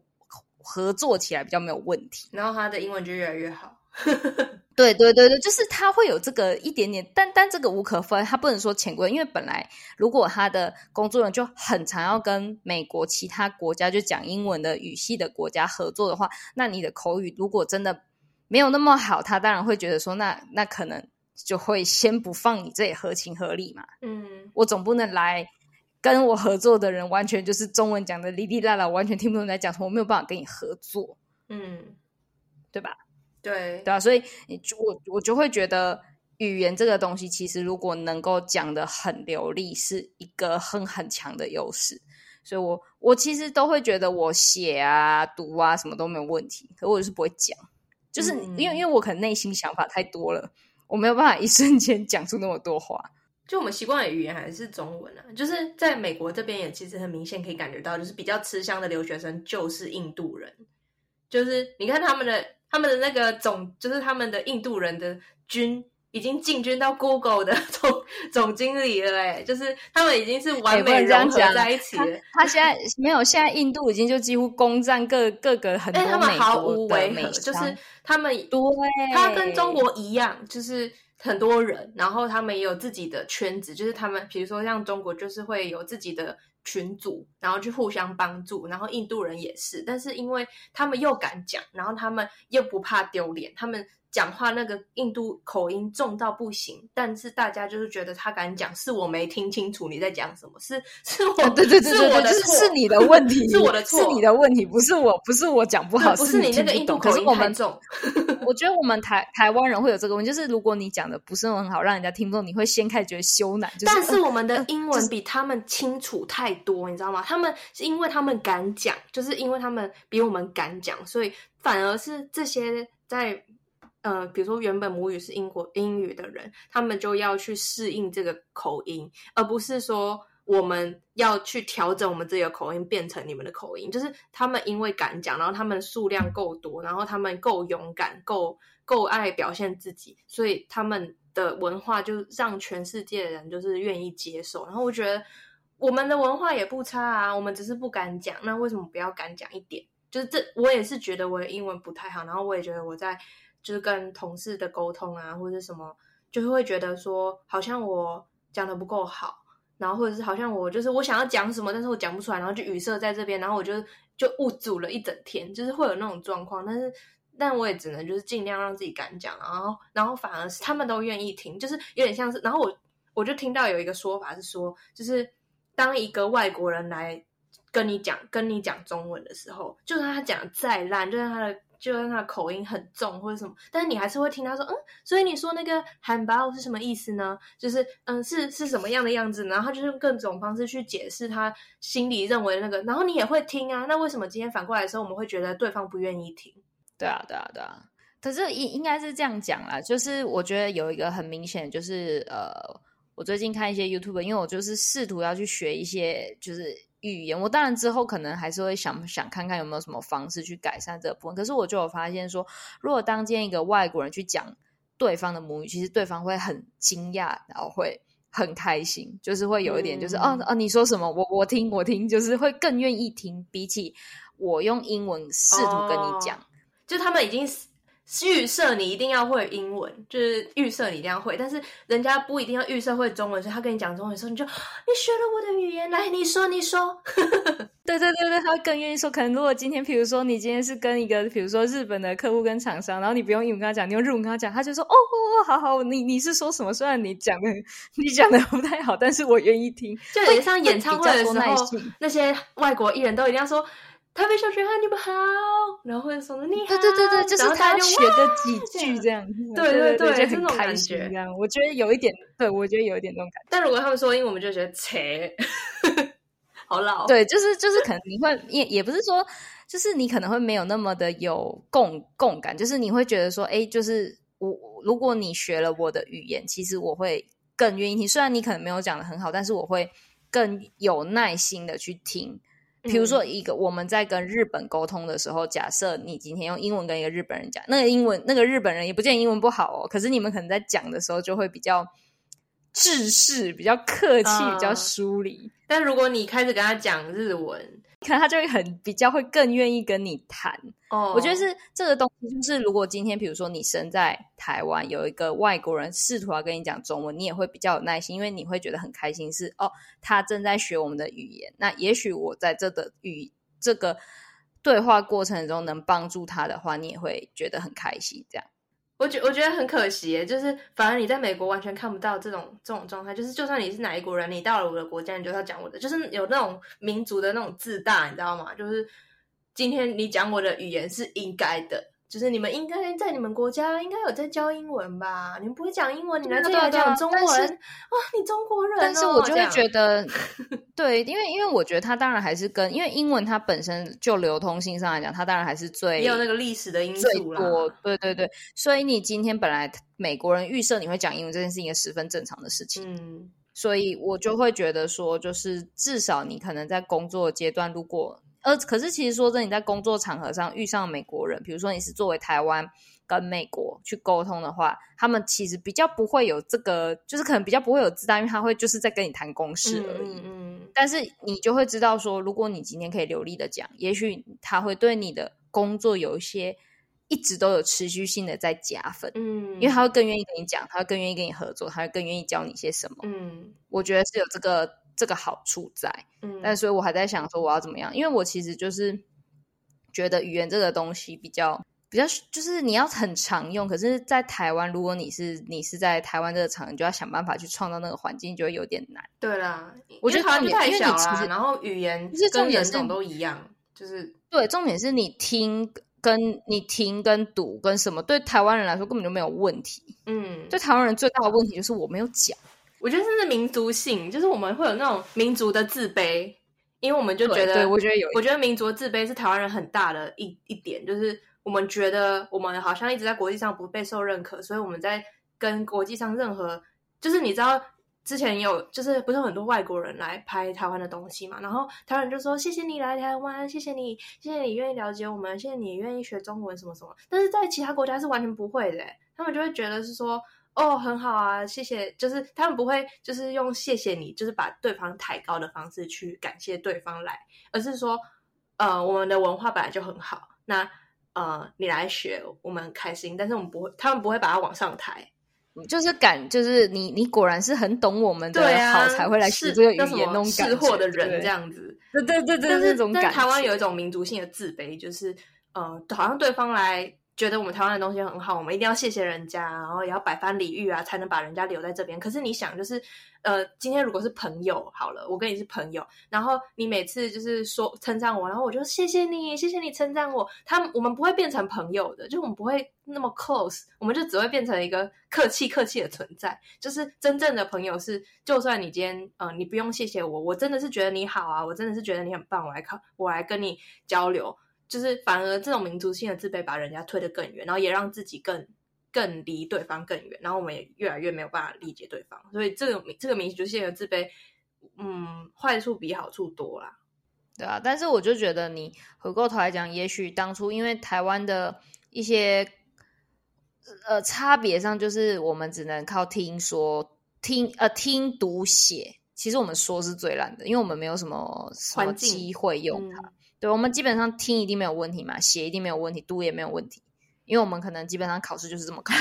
合作起來比較沒有問題。然後他的英文就越來越好。 [LAUGHS] 對對對對，就是他會有這個一點點，但但這個無可分，他不能說潛規則，因為本來如果他的工作人員就很常要跟美國其他國家就講英文的語系的國家合作的話，那你的口語如果真的沒有那麼好，他當然會覺得說那，那那可能就會先不放你，這也合情合理嘛。嗯，我總不能來跟我合作的人完全就是中文講的哩哩啦啦，完全聽不懂你在講什麼，我沒有辦法跟你合作。嗯，對吧？對對、啊、所以就我我就會覺得語言這個東西，其實如果能夠講得很流利，是一個很很強的優勢。所以我，我我其實都會覺得我寫啊、讀啊什麼都沒有問題，可我就是不會講，就是因為、嗯、因為我可能內心想法太多了，我沒有辦法一瞬間講出那麼多話。就我們習慣的語言還是中文啊，就是在美國這邊也其實很明顯可以感覺到，就是比較吃香的留學生就是印度人，就是你看他們的。他們的那個總，就是他們的印度人的軍已經進軍到 Google 的總總經理了，欸，嘞，就是他們已經是完美融合在一起了。欸，他，他現在沒有，現在印度已經就幾乎攻佔各各個很多美國的美商，欸，他們毫無違和，就是他們多。對他跟中國一樣，就是很多人，然後他們也有自己的圈子，就是他們比如說像中國，就是會有自己的。群組，然後去互相幫助，然後印度人也是，但是因為他們又敢講，然後他們又不怕丟臉，他們。講話那個印度口音重到不行，但是大家就是覺得他敢講，是我沒聽清楚你在講什麼，是是我、啊，對對對，對，是我的錯，是你的問題， [LAUGHS] 是我的錯，是你的問題，不是我，不是我講不好， [LAUGHS] 是不，不是你那個印度口音太重。我，們 [LAUGHS] 我覺得我們台臺灣人會有這個問題，就是如果你講的不是很好，讓人家聽不懂，你會先開始覺得羞赧。就是、但是我們的英文比他們清楚太多，嗯嗯就是、你知道嗎？他們是因為他們敢講，就是因為他們比我們敢講，所以反而是這些在。呃，比如說原本母語是英國英語的人，他們就要去適應這個口音，而不是說我們要去調整我們自己的口音變成你們的口音。就是他們因為敢講，然後他們數量夠多，然後他們夠勇敢，夠夠愛表現自己，所以他們的文化就讓全世界的人就是願意接受。然後我覺得我們的文化也不差啊，我們只是不敢講，那為什麼不要敢講一點？就是這我也是覺得我的英文不太好，然後我也覺得我在。就是跟同事的溝通啊，或者是什麼，就是會覺得說，好像我講的不夠好，然後或者是好像我就是我想要講什麼，但是我講不出來，然後就語塞在這邊，然後我就就鬱卒了一整天，就是會有那種狀況。但是，但我也只能就是盡量讓自己敢講，然後，然後反而是他們都願意聽，就是有點像是。然後我我就聽到有一個說法是說，就是當一個外國人來跟你講跟你講中文的時候，就算他講的再爛，就算，是，他的。就讓他口音很重或者什麼，但是你還是會聽他說，嗯，所以你說那個喊包是什麼意思呢？就是嗯，是是什麼樣的樣子呢？然後他就是用各種方式去解釋他心裡認為那個，然後你也會聽啊。那為什麼今天反過來的時候我們會覺得對方不願意聽？對啊，對啊，對啊。可是應應該是這樣講啦，就是我覺得有一個很明顯，就是呃，我最近看一些 YouTube，因為我就是試圖要去學一些，就是。語言，我當然之後可能還是會想想看看有沒有什麼方式去改善這個部分。可是我就有發現說，如果當天一個外國人去講對方的母語，其實對方會很驚訝，然後會很開心，就是會有一點就是，嗯、哦哦，你說什麼？我我聽我聽，就是會更願意聽，比起我用英文試圖跟你講，哦，就他們已經預設你一定要會有英文，就是預設你一定要會，但是人家不一定要預設會中文。所以他跟你講中文的時候，你就你學了我的語言來，你說你說， [LAUGHS] 對對對對，他會更願意說。可能如果今天，比如說你今天是跟一個，比如說日本的客戶跟廠商，然後你不用英文跟他講，你用日文跟他講，他就說哦哦好好，你你是說什麼？雖然你講的你講的不太好，但是我願意聽。就像演唱會的時候，對那些外國藝人都一定要說。他會上去喊你們好，然後會說你好，對對對對，就是他學的幾句這樣，對對，對對對，就很開心這樣。我覺得有一點，對，我覺得有一點那種感覺。但如果他們說英文，因為我們就覺得切， [LAUGHS] 好老。對，就是就是，可能你會也也不是說，就是你可能會沒有那麼的有共共感，就是你會覺得說，哎、欸，就是我如果你學了我的語言，其實我會更願意聽。雖然你可能沒有講得很好，但是我會更有耐心的去聽。比如說，一個、嗯、我們在跟日本溝通的時候，假設你今天用英文跟一個日本人講，那個英文，那個日本人也不見得英文不好哦，可是你們可能在講的時候就會比較制式、比較客氣、哦、比較疏離。但如果你開始跟他講日文。看他就會很比較會更願意跟你談哦，oh. 我覺得是這個東西，就是如果今天比如說你身在台灣，有一個外國人試圖要跟你講中文，你也會比較有耐心，因為你會覺得很開心是，是哦，他正在學我們的語言，那也許我在這個語這個對話過程中能幫助他的話，你也會覺得很開心，這樣。我覺我覺得很可惜耶，就是反而你在美國完全看不到這種這種狀態，就是就算你是哪一國人，你到了我的國家，你就要講我的，就是有那種民族的那種自大，你知道嗎？就是今天你講我的語言是應該的。就是你們應該在你們國家應該有在教英文吧？你們不會講英文，啊、你來這裡講中文？哇是、啊，你中國人，哦！但是我就會覺得， [LAUGHS] 對，因為因為我覺得他當然還是跟因為英文它本身就流通性上來講，它當然還是最沒有那個歷史的因素了。對對對，所以你今天本來美國人預設你會講英文這件事情，也十分正常的事情。嗯，所以我就會覺得說，就是至少你可能在工作階段，如果呃，而可是其實說真的，你在工作場合上遇上美國人，比如說你是作為台灣跟美國去溝通的話，他們其實比較不會有這個，就是可能比較不會有自大，因為他會就是在跟你談公事而已。嗯，嗯，嗯。但是你就會知道說，如果你今天可以流利的講，也許他會對你的工作有一些一直都有持續性的在加分。嗯。因為他會更願意跟你講，他會更願意跟你合作，他會更願意教你一些什麼。嗯，我覺得是有這個。這個好處在，但所以我還在想說我要怎麼樣，嗯、因為我其實就是覺得語言這個東西比較比較，就是你要很常用。可是，在台灣，如果你是你是在台灣這個場合，你就要想辦法去創造那個環境，就會有點難。對啦，我覺得台灣太小了，因為其實然後語言是跟人種都一樣，就是重、就是、對重點是你聽跟，跟你聽跟讀跟什麼，對台灣人來說根本就沒有問題。嗯，對台灣人最大的問題就是我沒有講。我覺得這是民族性，就是我們會有那種民族的自卑，因為我們就覺得，我覺得有，我覺得民族自卑是台灣人很大的一一點，就是我們覺得我們好像一直在國際上不被受認可，所以我們在跟國際上任何，就是你知道之前有，就是不是很多外國人來拍台灣的東西嘛，然後台灣人就說，謝謝你來台灣，謝謝你，謝謝你願意了解我們，謝謝你願意學中文什麼什麼，但是在其他國家是完全不會的誒，他們就會覺得是說。哦，很好啊，謝謝。就是他們不會，就是用謝謝你，就是把對方抬高的方式去感謝對方來，而是說，呃，我們的文化本來就很好，那呃，你來學，我們很開心。但是我們不會，他們不會把它往上抬，就是感，就是你，你果然是很懂我們的好，才會來學這個語言。啊、是那，那感，貨的人這樣子，對，對對對對，但是台灣有一種民族性的自卑，就是呃，好像對方來。覺得我們台灣的東西很好，我們一定要謝謝人家，然後也要百般禮遇啊，才能把人家留在這邊。可是你想，就是呃，今天如果是朋友好了，我跟你是朋友，然後你每次就是說稱讚我，然後我就謝謝你，謝謝你稱讚我。他們我們不會變成朋友的，就我們不會那麼 close，我們就只會變成一個客氣客氣的存在。就是真正的朋友是，就算你今天呃你不用謝謝我，我真的是覺得你好啊，我真的是覺得你很棒，我來靠我來跟你交流。就是反而這種民族性的自卑把人家推得更遠，然後也讓自己更更離對方更遠，然後我們也越來越沒有辦法理解對方。所以這個這個民族性的自卑，嗯，壞處比好處多啦。對啊，但是我就覺得你回過頭來講，也許當初因為台灣的一些呃差別上，就是我們只能靠聽說聽呃聽讀寫，其實我們說是最爛的，因為我們沒有什麼什麼機會用它。對，我們基本上聽一定沒有問題嘛，寫一定沒有問題，讀也沒有問題，因為我們可能基本上考試就是這麼考。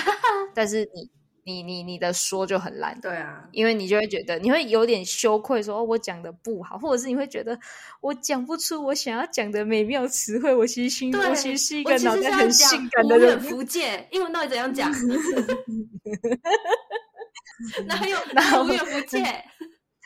但是你你你你的說就很爛，對啊，因為你就會覺得你會有點羞愧說，說哦我講的不好，或者是你會覺得我講不出我想要講的美妙詞彙，我其實心，對我其實是一個腦子很性感的人，福建英文到底怎樣講？哪有哪有福建？ [LAUGHS]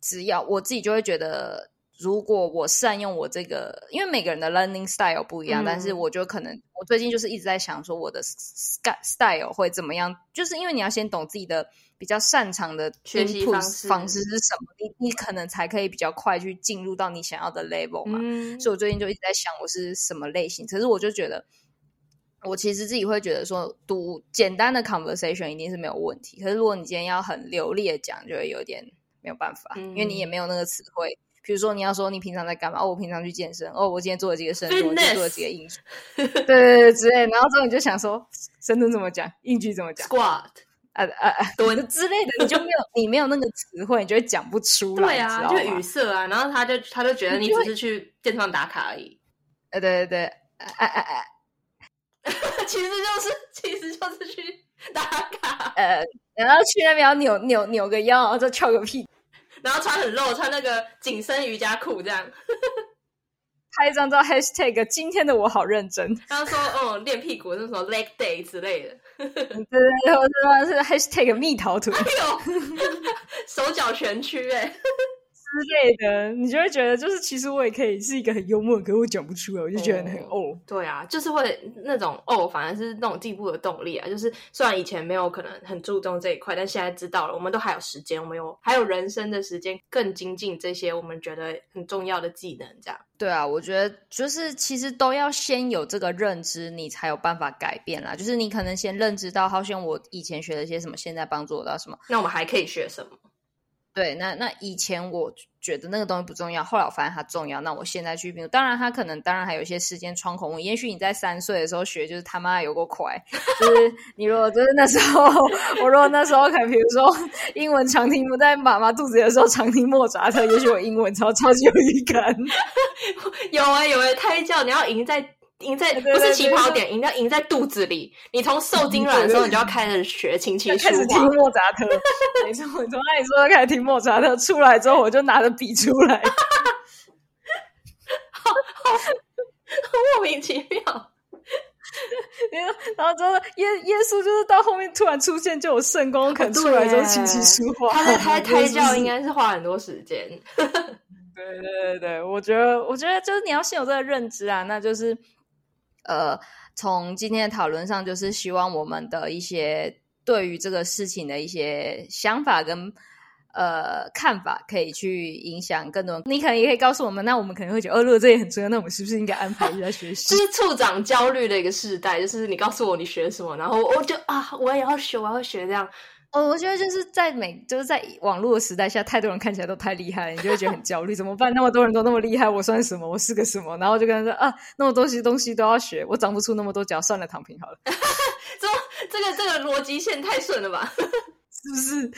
只要我自己就會覺得，如果我善用我這個，因為每個人的 learning style 不一樣，嗯、但是我就可能我最近就是一直在想，說我的 st style 會怎麼樣？就是因為你要先懂自己的比較擅長的學方，方式是什麼，你你可能才可以比較快去進入到你想要的 level 嘛。嗯、所以我最近就一直在想，我是什麼類型？可是我就覺得，我其實自己會覺得說，讀簡單的 conversation 一定是沒有問題。可是如果你今天要很流利的講，就會有點。沒有辦法，因為你也沒有那個詞彙。嗯、比如說，你要說你平常在幹嘛？哦，我平常去健身。哦，我今天做了幾個深蹲，做了幾個硬舉。Fitness 對對對，對，之類然後之後你就想說，深蹲怎麼講？硬舉怎麼講？Squat 啊啊啊，啊啊蹲 之類的，你就沒有， [LAUGHS] 你沒有那個詞彙，你就會講不出來。對啊，就語塞啊。然後他就他就覺得你只是去健身房打卡而已。呃，對對對，哎哎哎，啊啊、 [LAUGHS] 其實就是其實就是去打卡。呃，然後去那邊要扭扭扭個腰，然後就翹個屁。然後穿很露，穿那個緊身瑜伽褲這樣， [LAUGHS] 拍一張照。#hashtag 今天的我好認真。剛說，哦，練屁股那什麼 leg day 之類的，對對對，是是 #hashtag 蜜桃臀， [LAUGHS] 哎呦，手腳全曲誒、欸。 [LAUGHS] 之類的，你就會覺得就是，其實我也可以是一個很幽默，可是我講不出來，我就覺得很哦、oh。Oh, 對啊，就是會那種哦、oh，反而是那種進步的動力啊。就是雖然以前沒有可能很注重這一塊，但現在知道了，我們都還有時間，我們有還有人生的時間，更精進這些我們覺得很重要的技能，這樣。對啊，我覺得就是其實都要先有這個認知，你才有辦法改變啦。就是你可能先認知到，好像我以前學了些什麼，現在幫助我到什麼。那我們還可以學什麼？對，那那以前我覺得那個東西不重要，後來我發現它重要。那我現在去當然它可能當然還有一些時間窗口。我也許你在三歲的時候學，就是他媽有過快。就是你如果就是那時候， [LAUGHS] 我如果那時候，可比如說英文常聽不在媽媽肚子裡的時候，常聽莫扎特，也許我英文超超級有語感。 [LAUGHS] 有啊有啊，胎教你要贏在。贏在不是起跑點，贏在贏在肚子裡。你從受精卵的時候，你就要開始學琴棋書畫，開始聽莫扎特。沒錯，我從那裡說開始聽莫扎特，出來之後我就拿着筆出來，好，莫名其妙。然後，然後，耶耶穌就是到後面突然出現就有聖光，肯出來就是琴棋書畫。他在胎胎教，應該是花很多時間。對對對對，我覺得，我覺得就是你要先有這個認知啊，那就是。呃，從今天的討論上，就是希望我們的一些對於這個事情的一些想法跟呃看法，可以去影響更多。 [NOISE] 你可能也可以告訴我們，那我們可能會覺得，哦，如果這也很重要，那我們是不是應該安排一下學習？啊，是處長焦慮的一個時代，就是你告訴我你學什麼，然後我就啊，我也要學，我要學這樣。哦，oh, 我覺得就是在每就是在網絡的時代下，太多人看起來都太厲害了，你就會覺得很焦慮。 [LAUGHS] 怎麼辦？那麼多人都那麼厲害，我算什麼？我是個什麼？然後就跟他說啊，那麼多些東西都要學，我長不出那麼多腳，算了，躺平好了。 [LAUGHS] 這這個這個邏輯線太順了吧？ [LAUGHS] 是不是？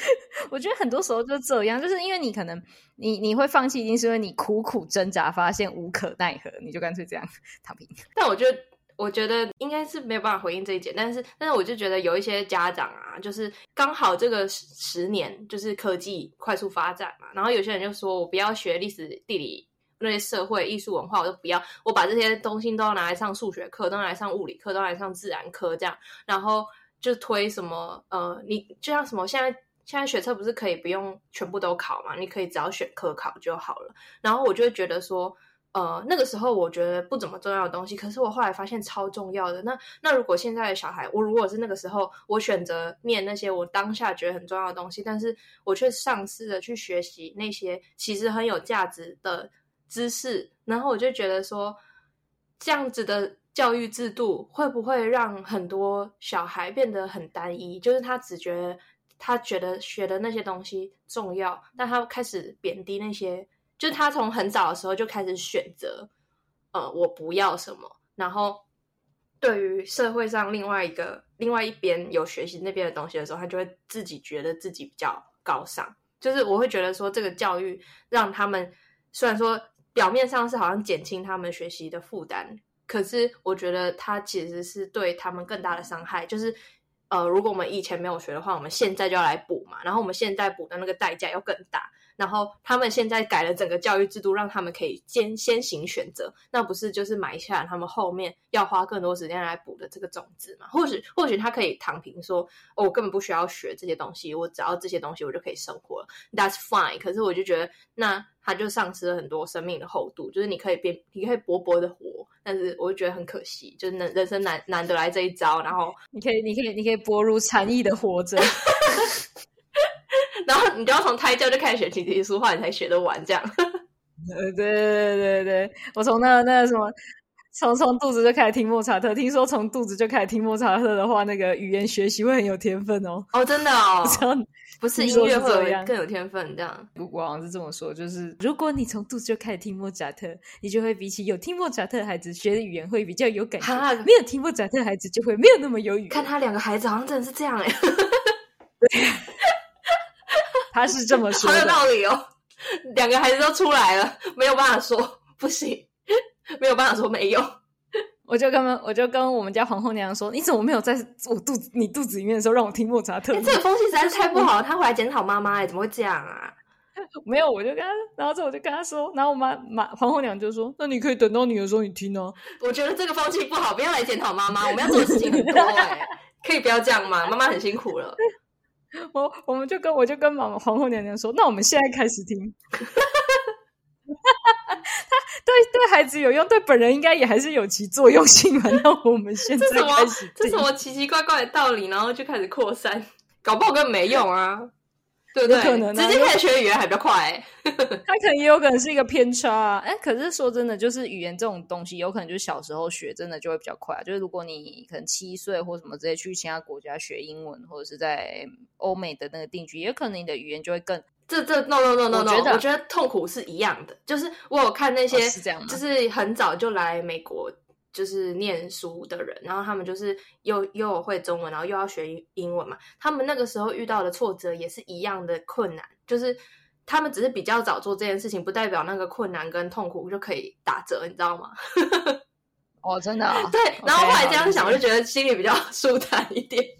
我覺得很多時候就這樣，就是因為你可能你你會放棄，一定是因為你苦苦掙扎，發現無可奈何，你就乾脆這樣躺平。 [LAUGHS] 但我覺得。我覺得應該是沒有辦法回應這一點，但是但是我就覺得有一些家長啊，就是剛好這個十年就是科技快速發展嘛，然後有些人就說，我不要學歷史、地理那些社會、藝術、文化，我都不要，我把這些東西都要拿來上數學課，都拿來上物理課，都拿來上自然科這樣，然後就推什麼呃，你就像什麼現在現在學測不是可以不用全部都考嘛，你可以只要選科考就好了，然後我就會覺得說。呃，那個時候我覺得不怎麼重要的東西，可是我後來發現超重要的。那那如果現在的小孩，我如果是那個時候，我選擇念那些我當下覺得很重要的東西，但是我卻喪失了去學習那些其實很有價值的知識，然後我就覺得說，這樣子的教育制度會不會讓很多小孩變得很單一，就是他只覺得他覺得學的那些東西重要，但他開始貶低那些。就他從很早的時候就開始選擇，呃，我不要什麼。然後，對於社會上另外一個另外一邊有學習那邊的東西的時候，他就會自己覺得自己比較高尚。就是我會覺得說，這個教育讓他們雖然說表面上是好像減輕他們學習的負擔，可是我覺得它其實是對他們更大的傷害。就是呃，如果我們以前沒有學的話，我們現在就要來補嘛，然後我們現在補的那個代價又更大。然後他們現在改了整個教育制度，讓他們可以先先行選擇，那不是就是埋下來他們後面要花更多時間來補的這個種子嘛？或許，或許他可以躺平說：“哦，我根本不需要學這些東西，我只要這些東西我就可以生活了。” That's fine。可是，我就覺得那他就喪失了很多生命的厚度。就是你可以變，你可以薄薄的活，但是我就覺得很可惜。就是人人生難難得來這一遭，然後你可以，你可以，你可以薄如蟬翼的活着。 [LAUGHS] 然後你就要從胎教就開始學琴、棋、書畫，你才學得完這樣。呃，對對對對，對我從那那個、什麼，從從肚子就開始聽莫扎特。聽說從肚子就開始聽莫扎特的話，那個語言學習會很有天分哦。哦，oh, 真的哦，不是音樂會有更有天分這樣。我好像是，是這麼說，就是如果你從肚子就開始聽莫扎特，你就會比起有聽莫扎特的孩子學的語言會比較有感覺。Huh? 沒有聽莫扎特的孩子就會沒有那麼有語。看他兩個孩子好像真的是這樣哎。 [LAUGHS] [LAUGHS] 他是這麼說的，好有道理哦。兩個孩子都出來了，沒有辦法說不行，沒有辦法說沒有。 [LAUGHS] 我就跟我就跟我們家皇後娘娘說：“你怎麼沒有在我肚子、你肚子裡面的時候讓我聽莫扎特、欸？”這個風氣實在是太不好了。她、嗯、回來檢討媽媽，怎麼會這樣啊？沒有，我就跟她然後之後我就跟她說，然後我媽媽皇後娘就說：“那你可以等到你的時候，你聽哦、啊。”我覺得這個風氣不好，不要來檢討媽媽。對我們要做的事情很多、欸， [LAUGHS] 可以不要這樣嗎？媽媽很辛苦了。我我們就跟我就跟皇皇後娘娘說，那我們現在開始聽， [LAUGHS] [LAUGHS] 對對孩子有用，對本人應該也還是有其作用性嘛。那我們現在開始聽這，這什麼奇奇怪怪的道理？然後就開始擴散，搞不好根本沒用啊！對對，可能、啊、直接開始學語言還比較快、欸， [LAUGHS] 它可能也有可能是一個偏差、啊。哎，可是說真的，就是語言這種東西，有可能就是小時候學真的就會比較快、啊。就是如果你可能七歲或什麼直接去其他國家學英文，或者是在歐美的那個定居，也可能你的語言就會更。這這 no no no no no，我覺得，我覺得痛苦是一樣的。我就是我有看那些，哦、是這樣就是很早就來美國。就是念書的人，然後他們就是又又會中文，然後又要學英文嘛。他們那個時候遇到的挫折也是一樣的困難，就是他們只是比較早做這件事情，不代表那個困難跟痛苦就可以打折，你知道嗎？ [LAUGHS] 哦，真的、哦，對。Okay, 然後後來這樣想，okay, 我就覺得心裡比較舒坦一點。嗯 [LAUGHS]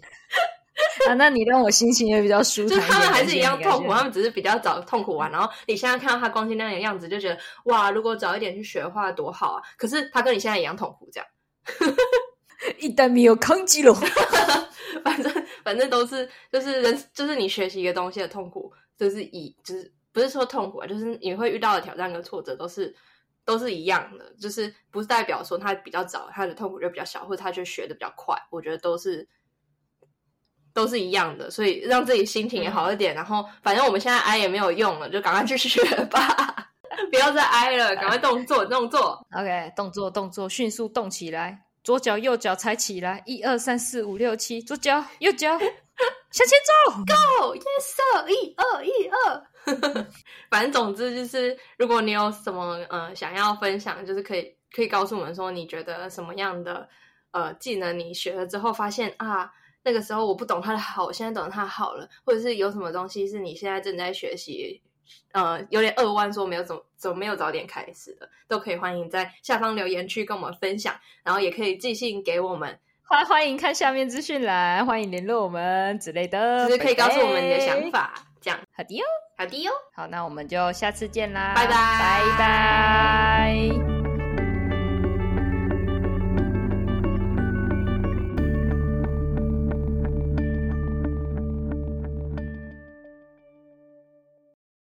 那、 [LAUGHS] 啊，那你讓我心情也比較舒服，就他們還是一樣痛苦，他們只是比較早痛苦完，然後你現在看到他光鮮亮麗的樣子，就覺得哇，如果早一點去學的話多好啊！可是他跟你現在一樣痛苦，這樣。一旦沒有抗擊了，反正反正都是就是人就是你學習一個東西的痛苦，就是以就是不是說痛苦啊，就是你會遇到的挑戰跟挫折都是都是一樣的，就是不是代表說他比較早他的痛苦就比較小，或者他就學的比較快，我覺得都是。都是一樣的，所以讓自己心情也好一點。嗯、然後，反正我們現在唉也沒有用了，就趕快去學吧，不要再唉了，趕快動作動作。OK，動作動作，迅速動起來，左腳右腳踩起來，一二三四五六七，左腳右腳向前走，Go，Yes，So，一二一二。 [LAUGHS] 反正總之就是，如果你有什麼呃想要分享，就是可以可以告訴我們說，你覺得什麼樣的呃技能你學了之後發現啊。那個時候我不懂他的好，我現在懂他好了，或者是有什麼東西是你現在正在學習，呃，有點扼腕說沒有怎怎麼沒有早點開始的，都可以歡迎在下方留言區跟我們分享，然後也可以寄信給我們，歡歡迎看下面資訊欄，歡迎聯絡我們之類的，就是，是可以告訴我們你的想法，Okay. 這樣，好的喲，好的喲，好，那我們就下次見啦，拜拜拜拜。